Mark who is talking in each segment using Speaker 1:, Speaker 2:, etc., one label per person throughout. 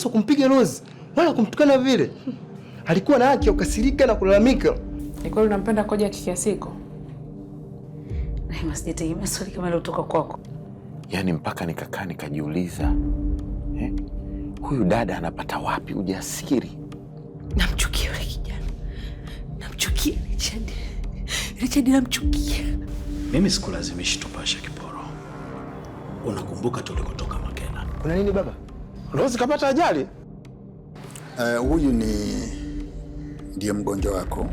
Speaker 1: haikupaswa kumpiga Rose wala kumtukana vile. Alikuwa na haki ya kukasirika na kulalamika.
Speaker 2: Ni kweli unampenda Koja kikiasiko? Rehema, sijategemea swali kama hilo kwako.
Speaker 3: Yaani mpaka nikakaa nikajiuliza, eh, huyu dada anapata wapi ujasiri?
Speaker 2: Namchukia yule kijana, namchukia Richard. Richard namchukia.
Speaker 3: Mimi sikulazimishi tupasha kiporo. Unakumbuka tulikotoka Makena.
Speaker 1: Kuna nini baba? Rose kapata ajali?
Speaker 3: Uh, huyu ni ndiye mgonjwa wako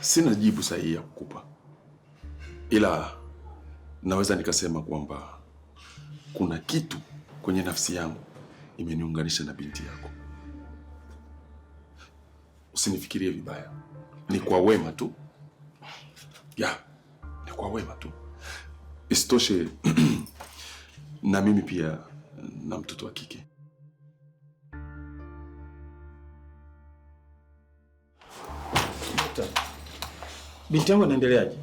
Speaker 4: Sina jibu sahihi ya kukupa, ila naweza nikasema kwamba kuna kitu kwenye nafsi yangu imeniunganisha na binti yako. Usinifikirie vibaya, ni kwa wema tu ya, ni kwa wema tu. Isitoshe na mimi pia na mtoto wa kike.
Speaker 1: Binti yangu anaendeleaje?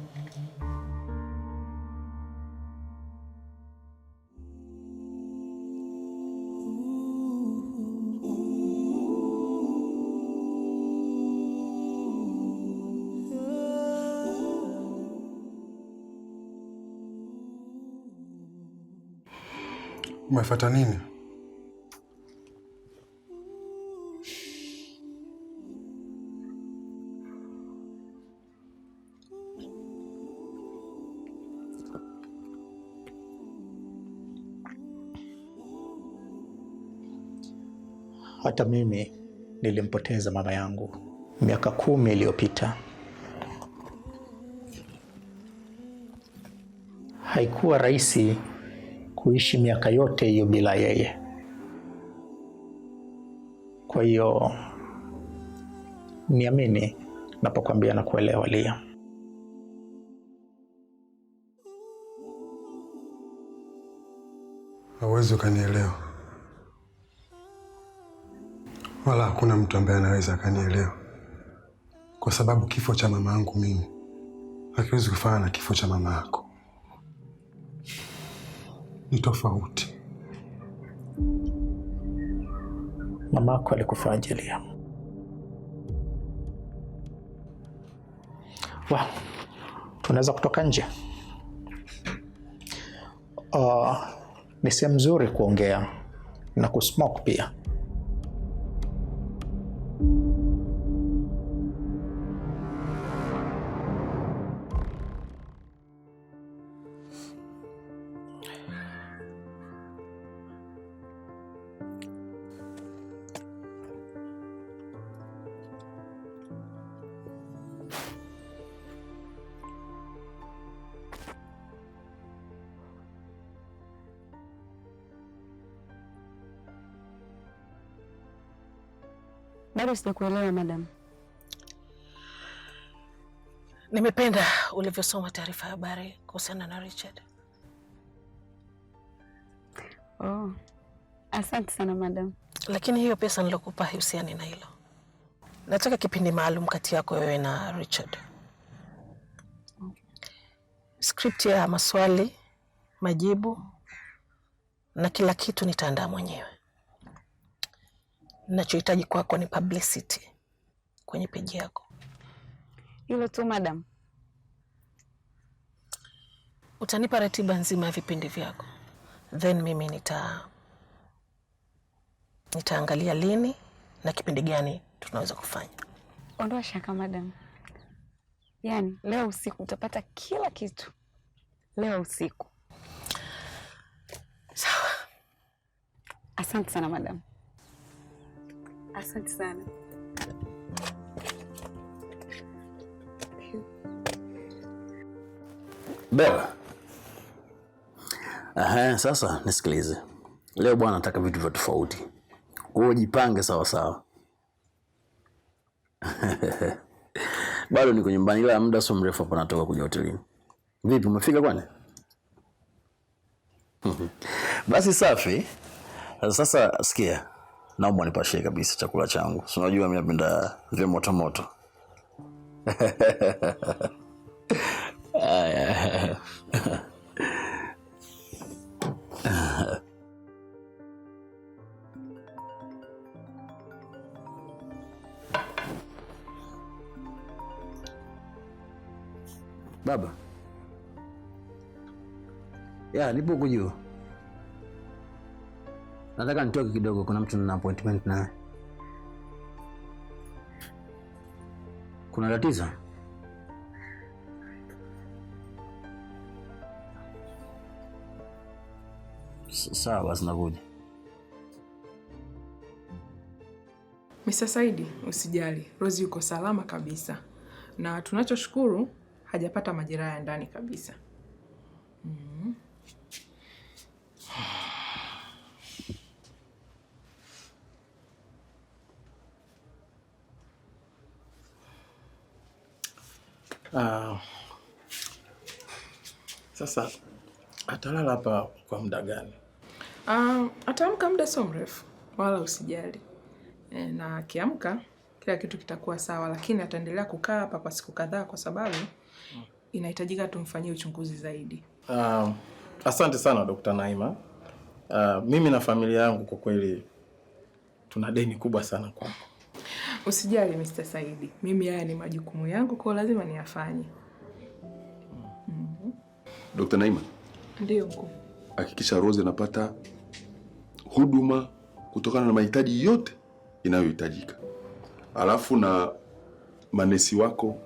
Speaker 4: Umefuata nini?
Speaker 1: Hata mimi nilimpoteza mama yangu miaka kumi iliyopita. Haikuwa rahisi kuishi miaka yote hiyo bila yeye. Kwa hiyo niamini napokwambia na kuelewa, Lia.
Speaker 4: Hawezi ukanielewa wala hakuna mtu ambaye anaweza akanielewa, kwa sababu kifo cha mama yangu mimi hakiwezi kufana na kifo cha mama yako, ni tofauti.
Speaker 1: Mama yako alikufa ajili wa, tunaweza kutoka nje. Uh, ni sehemu nzuri kuongea na kusmoke pia. thank you
Speaker 2: Bado sijakuelewa madam. Nimependa ulivyosoma taarifa ya habari kuhusiana na Richard.
Speaker 5: Oh, asante sana madam.
Speaker 2: Lakini hiyo pesa nilokupa husiani na hilo. Nataka kipindi maalum kati yako wewe na Richard. Okay. Script ya maswali, majibu na kila kitu nitaandaa mwenyewe. Ninachohitaji kwako ni publicity kwenye peji yako.
Speaker 5: Hilo tu madam.
Speaker 2: Utanipa ratiba nzima ya vipindi vyako, then mimi nita nitaangalia lini na kipindi gani tunaweza kufanya.
Speaker 5: Ondoa shaka madam, yaani leo usiku utapata kila kitu, leo usiku. Sawa, asante sana madam. Asante sana.
Speaker 6: Bella. Aha, sasa nisikilize. Leo bwana nataka vitu vya tofauti. Wewe jipange sawa sawa. Bado niko nyumbani ila muda sio mrefu hapa natoka kuja hotelini. Vipi umefika kwani? Basi safi. Sasa sikia, naomba nipashie kabisa chakula changu, si unajua mimi napenda vya moto moto. Aya. Baba, ya nipo kujua Nataka nitoke kidogo, kuna mtu na appointment naye. Kuna tatizo? Sawa basi, nakuja.
Speaker 7: Mr. Saidi, usijali, Rozi yuko salama kabisa, na tunachoshukuru hajapata majeraha ya ndani kabisa mm.
Speaker 4: Ah. sasa atalala hapa kwa muda gani?
Speaker 7: Uh, ataamka muda sio mrefu, wala usijali e, na akiamka kila kitu kitakuwa sawa, lakini ataendelea kukaa hapa kwa siku kadhaa, kwa sababu inahitajika tumfanyie uchunguzi zaidi.
Speaker 4: Uh, asante sana Dr. Naima. Uh, mimi na familia yangu kwa kweli tuna deni kubwa sana kwako.
Speaker 7: Usijali Mr. Saidi, mimi haya ni majukumu yangu kwa lazima niyafanye. Mm-hmm.
Speaker 4: mm mm-hmm. Dr. Naima? Ndio mkuu. Hakikisha Rose anapata huduma kutokana na mahitaji yote inayohitajika, alafu na manesi wako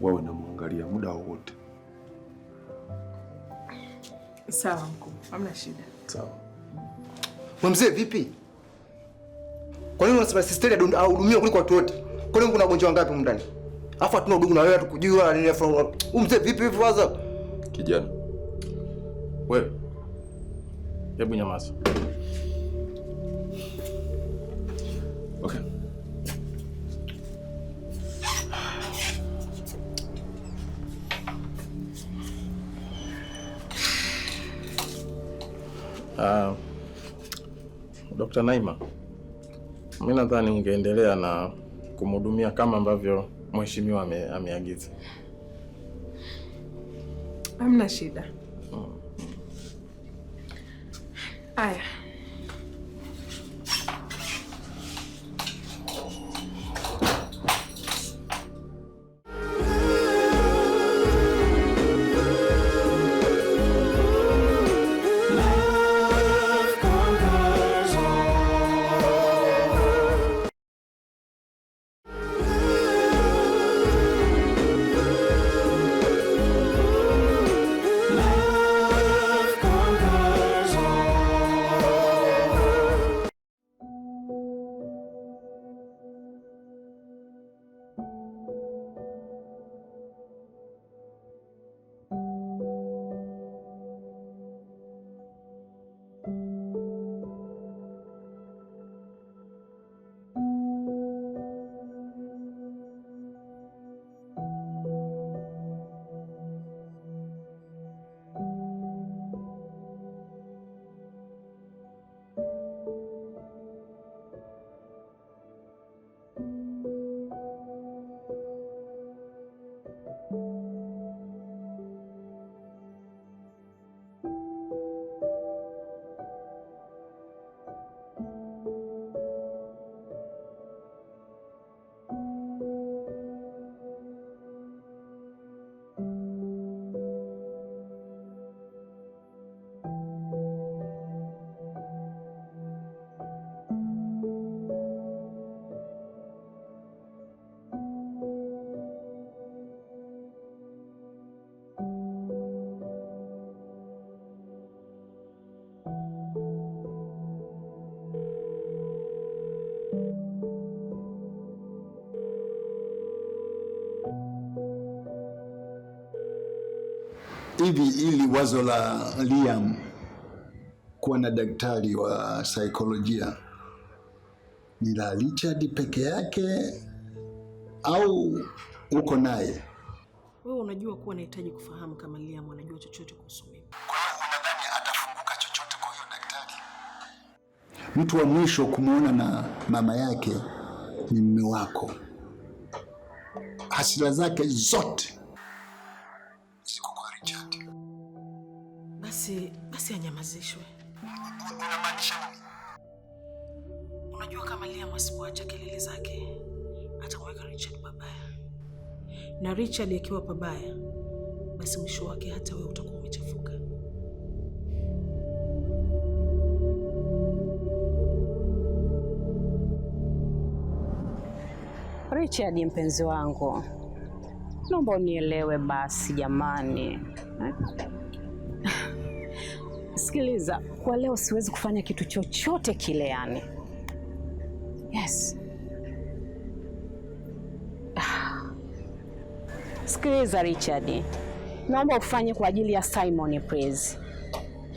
Speaker 4: wawe namwangalia muda wowote.
Speaker 7: Sawa mkuu, hamna shida.
Speaker 4: Sawa.
Speaker 1: Mzee vipi? Kwa nini unasema Sisteri ahudumiwe kuliko watu wote? Kwa nini kuna wagonjwa wangapi huko ndani? Alafu hatuna udugu na wewe hatukujua nini afu huyu mzee vipi hivi waza? Kijana. Wewe. Hebu nyamaza. Okay. Uh, ah, Dr. Naima mimi nadhani ungeendelea na kumhudumia kama ambavyo mheshimiwa ameagiza.
Speaker 7: Hamna shida. Mm. Haya.
Speaker 8: hivi ili wazo la Liam kuwa na daktari wa saikolojia ni la Richard peke yake au uko naye
Speaker 9: wewe? Unajua kuwa nahitaji kufahamu kama Liam anajua chochote kuhusu mimi.
Speaker 8: Kwa hiyo unadhani atafunguka chochote kwa huyo daktari? Mtu wa mwisho kumwona na mama yake ni mume wako. Hasira zake zote
Speaker 2: basi basi anyamazishwe. Unamaanisha? Unajua kama Liam asipoacha kelele zake atamweka Richard pabaya, na Richard akiwa pabaya, basi mwisho wake hata wewe utakuwa umechafuka.
Speaker 10: Richard, mpenzi wangu, naomba unielewe basi jamani eh? Sikiliza, kwa leo siwezi kufanya kitu chochote kile, yani yes. Sikiliza Richard, naomba ufanye kwa ajili ya Simon Praise.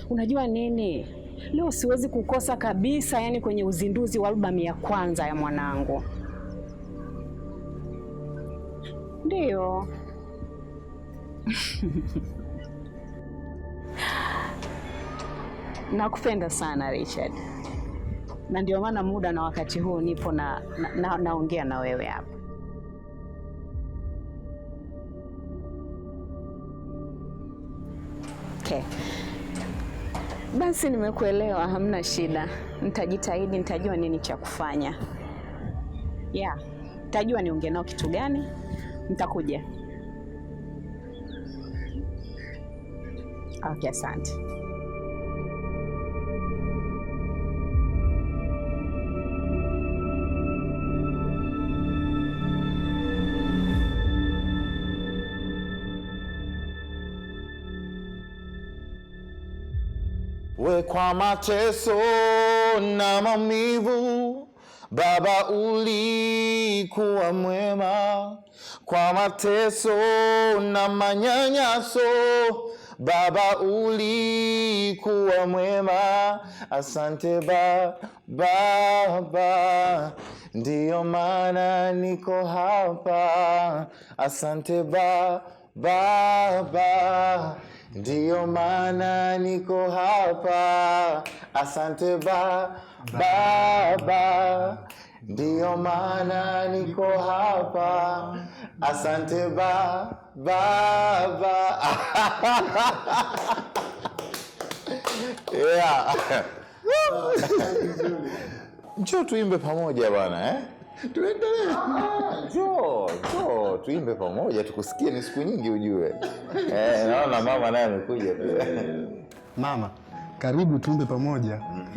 Speaker 10: Unajua nini, leo siwezi kukosa kabisa, yani kwenye uzinduzi wa albamu ya kwanza ya mwanangu. Ndiyo. Nakupenda sana Richard, na ndio maana muda na wakati huu nipo na naongea na, na, na wewe hapa. Okay. Basi nimekuelewa, hamna shida. Nitajitahidi, nitajua nini cha kufanya. Yeah, nitajua niongee nao kitu gani, nitakuja. Okay, asante. kwa mateso na maumivu, Baba ulikuwa mwema. Kwa mateso na manyanyaso, Baba ulikuwa mwema.
Speaker 11: Asante Baba, ndiyo maana niko hapa. Asante Baba. Ndiyo maana niko hapa, asante ba Baba. Ndiyo maana niko hapa, asante ba Baba. yeah. Njoo tuimbe pamoja bana eh?
Speaker 12: tuendelee.
Speaker 11: Ah, njoo, njoo tuimbe pamoja, tukusikie ni siku nyingi ujue. Eh, naona mama naye amekuja pia.
Speaker 12: Mama, karibu tuimbe pamoja. Mm.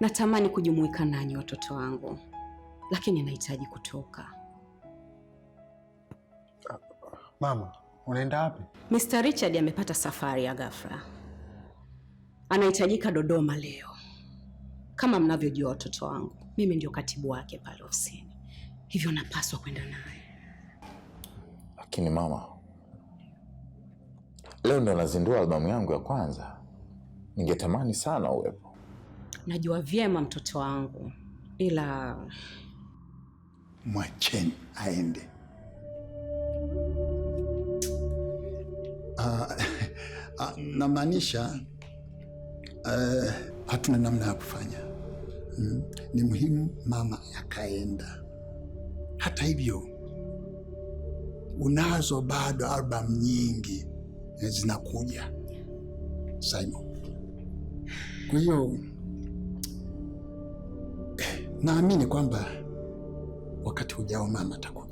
Speaker 2: Natamani kujumuika nanyi watoto wangu, lakini nahitaji kutoka.
Speaker 12: Mama, unaenda wapi?
Speaker 2: Mr. Richard amepata safari ya ghafla, anahitajika Dodoma leo. Kama mnavyojua watoto wangu, mimi ndio katibu wake pale ofisini, hivyo napaswa kwenda naye.
Speaker 11: Lakini mama, leo ndo nazindua albamu yangu ya kwanza, ningetamani sana uwepo.
Speaker 2: Najua vyema mtoto wangu, ila
Speaker 8: mwacheni aende. Uh, uh, namaanisha uh, hatuna namna ya kufanya mm, ni muhimu mama akaenda. Hata hivyo, unazo bado albamu nyingi zinakuja Simon. Kwa hiyo eh, naamini kwamba wakati ujao mama atakuwa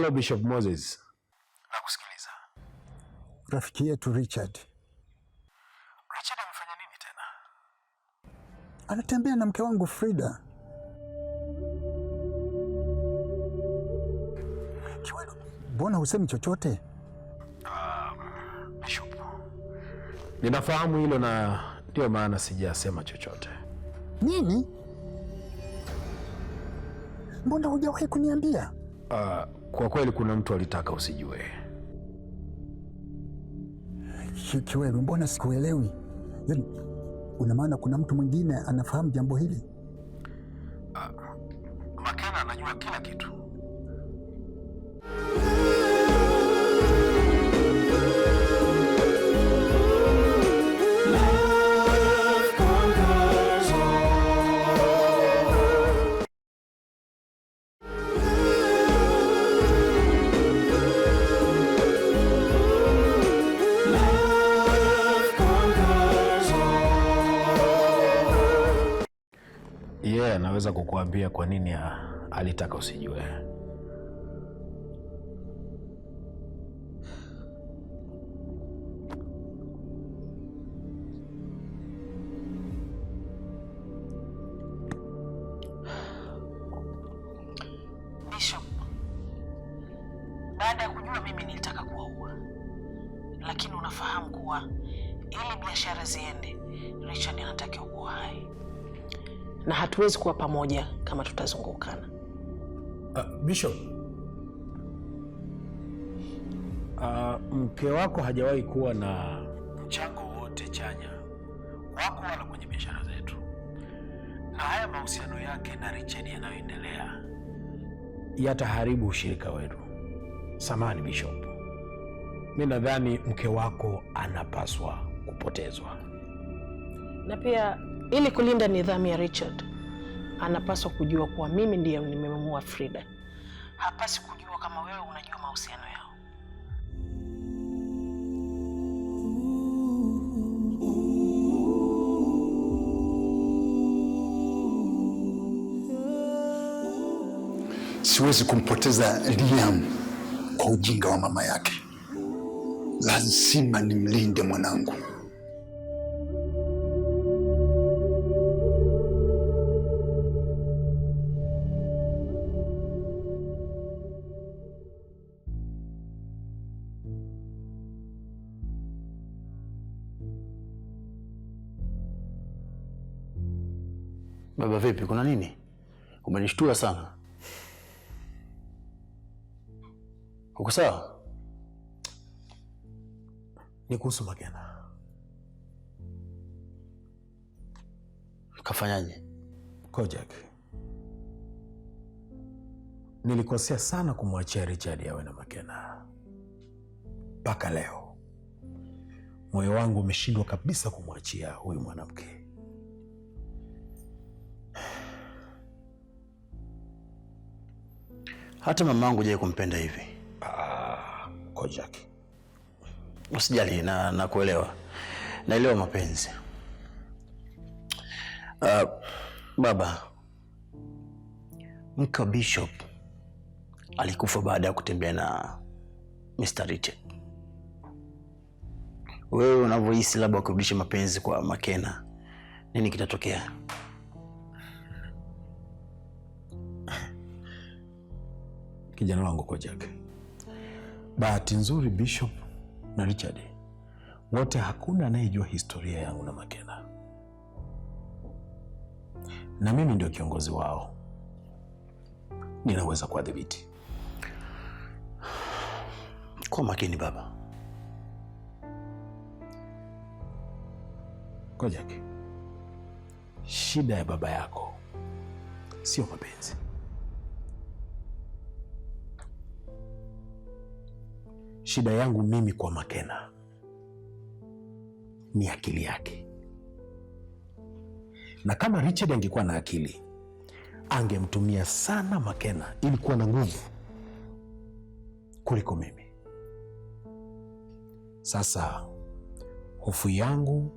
Speaker 4: Halo Bishop Moses. Nakusikiliza. Rafiki yetu Richard.
Speaker 13: Richard amefanya nini tena?
Speaker 4: Anatembea na mke wangu Frida. Kiwelo, mbona husemi chochote?
Speaker 13: Um, Bishop.
Speaker 4: Ninafahamu hilo na ndio maana sijasema chochote. Nini? Mbona hujawahi kuniambia? Uh, kwa kweli kuna mtu alitaka usijue. Kiwewe, mbona sikuelewi? Yaani una maana kuna mtu mwingine anafahamu jambo hili?
Speaker 13: Uh, Makena anajua kila kitu.
Speaker 4: yeye yeah, anaweza kukuambia kwa nini alitaka usijue.
Speaker 2: hatuwezi kuwa pamoja kama tutazungukana.
Speaker 4: Uh, Bishop, uh, mke wako hajawahi kuwa na mchango wote chanya wako wala kwenye biashara zetu, na haya mahusiano yake na Richard yanayoendelea yataharibu ushirika wetu. Samani Bishop, mi nadhani mke wako anapaswa kupotezwa,
Speaker 2: na pia ili kulinda nidhamu ya Richard anapaswa kujua kuwa mimi ndiye nimemua Frida. Hapasi kujua kama wewe unajua mahusiano yao.
Speaker 8: Siwezi kumpoteza Liam kwa ujinga wa mama yake. Lazima nimlinde mwanangu.
Speaker 6: Baba vipi, kuna nini? Umenishtua sana. Uko sawa?
Speaker 4: Ni kuhusu Magena.
Speaker 6: Kafanyaje?
Speaker 4: Kojak, nilikosea sana kumwachia Richard awe na Magena. Mpaka leo moyo wangu umeshindwa kabisa kumwachia huyu mwanamke.
Speaker 6: Hata mamangu jai kumpenda hivi.
Speaker 4: Ah, Kojak.
Speaker 6: Usijali na nakuelewa. Naelewa mapenzi. Ah, baba mke wa Bishop alikufa baada ya kutembea na Mr. Richard. Wewe unavyohisi labda wakirudisha mapenzi kwa Makena, nini kitatokea?
Speaker 4: kijana wangu Kojak. Bahati nzuri Bishop na Richard wote, hakuna anayejua historia yangu na Makena, na mimi ndio kiongozi wao, ninaweza kuwadhibiti. Kwa makini baba Kojak, shida ya baba yako sio mapenzi. Shida yangu mimi kwa Makena ni akili yake, na kama Richard angekuwa na akili angemtumia sana Makena ili kuwa na nguvu kuliko mimi. Sasa hofu yangu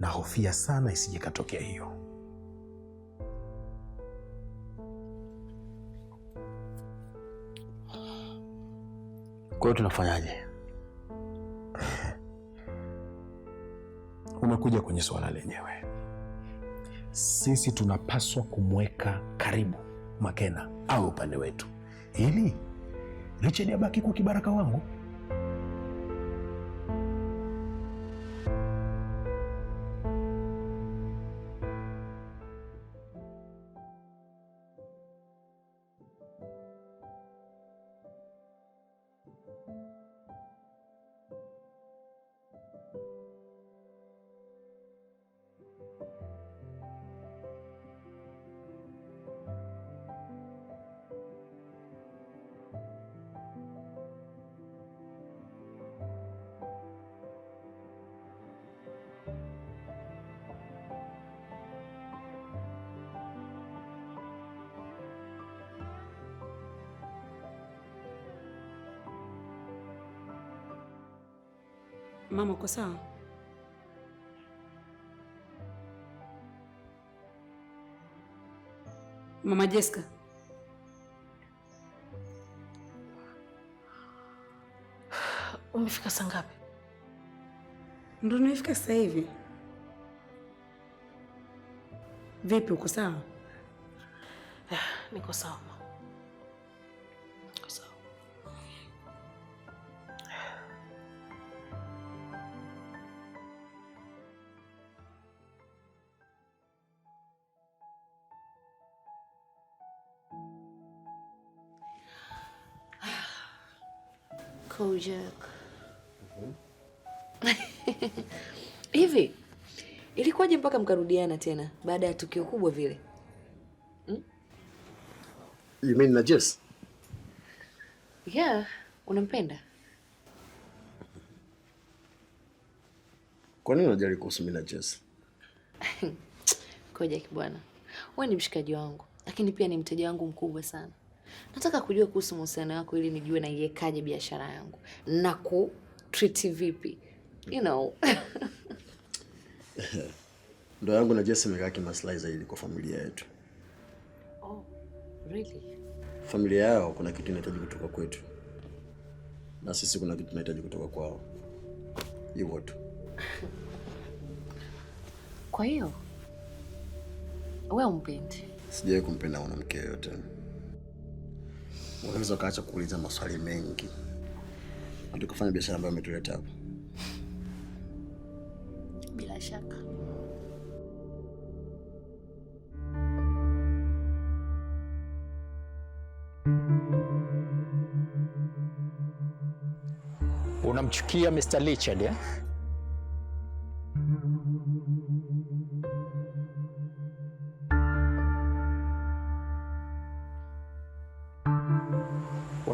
Speaker 4: na hofia sana isije katokea hiyo.
Speaker 6: Kwa hiyo tunafanyaje?
Speaker 4: Umekuja kwenye swala lenyewe. Sisi tunapaswa kumweka karibu Makena au upande wetu, ili Richard abaki kwa kibaraka wangu.
Speaker 2: Mama, uko sawa? Mama Jessica, umefika saa ngapi?
Speaker 7: Ndio nimefika sasa hivi. Vipi, uko sawa?
Speaker 2: Ah, niko sawa. Kojak. Mm-hmm. Hivi ilikuwaje mpaka mkarudiana tena baada ya tukio kubwa vile? Hmm?
Speaker 6: You mean na Jess?
Speaker 2: Yeah, unampenda?
Speaker 6: Kwa nini unajali kuhusu mimi na Jess?
Speaker 2: Kojak bwana. wewe ni mshikaji wangu, lakini pia ni mteja wangu mkubwa sana nataka kujua kuhusu mahusiano wako ili nijue naiwekaje biashara yangu na ku treat vipi, you know
Speaker 6: ndo yangu na Jesse imekaa kimaslahi zaidi kwa familia yetu.
Speaker 2: Oh, really?
Speaker 6: Familia yao kuna kitu inahitaji kutoka kwetu na sisi kuna kitu tunahitaji kutoka kwao, hivyo tu.
Speaker 2: Kwa hiyo wewe umpendi?
Speaker 6: Sijawahi kumpenda mwanamke yoyote unaweza ukaacha kuuliza maswali mengi ndio kufanya biashara ambayo umetuleta hapa.
Speaker 2: Bila shaka.
Speaker 6: Unamchukia Mr. Richard eh?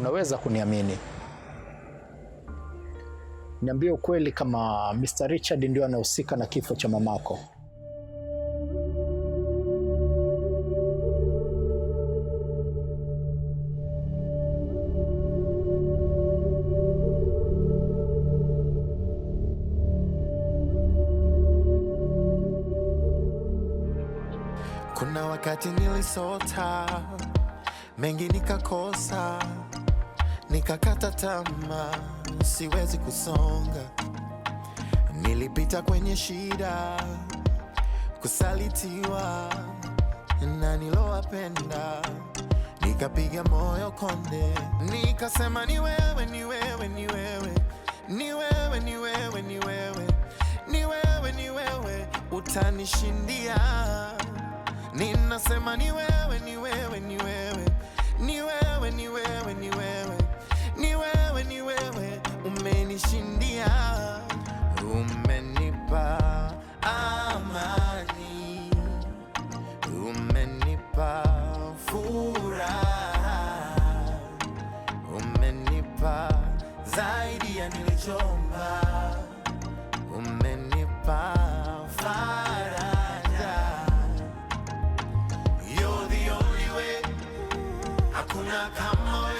Speaker 6: unaweza kuniamini?
Speaker 1: Niambie ukweli kama Mr. Richard ndio anahusika na kifo cha mamako. Kuna wakati nilisota mengi nikakosa nikakata tama, siwezi kusonga. Nilipita kwenye shida, kusalitiwa na nilowapenda, nikapiga moyo konde, nikasema ni wewe, ni wewe, ni wewe, ni wewe, ni wewe, ni wewe, ni wewe, ni wewe utanishindia. Ninasema ni wewe, ni wewe, ni wewe, ni wewe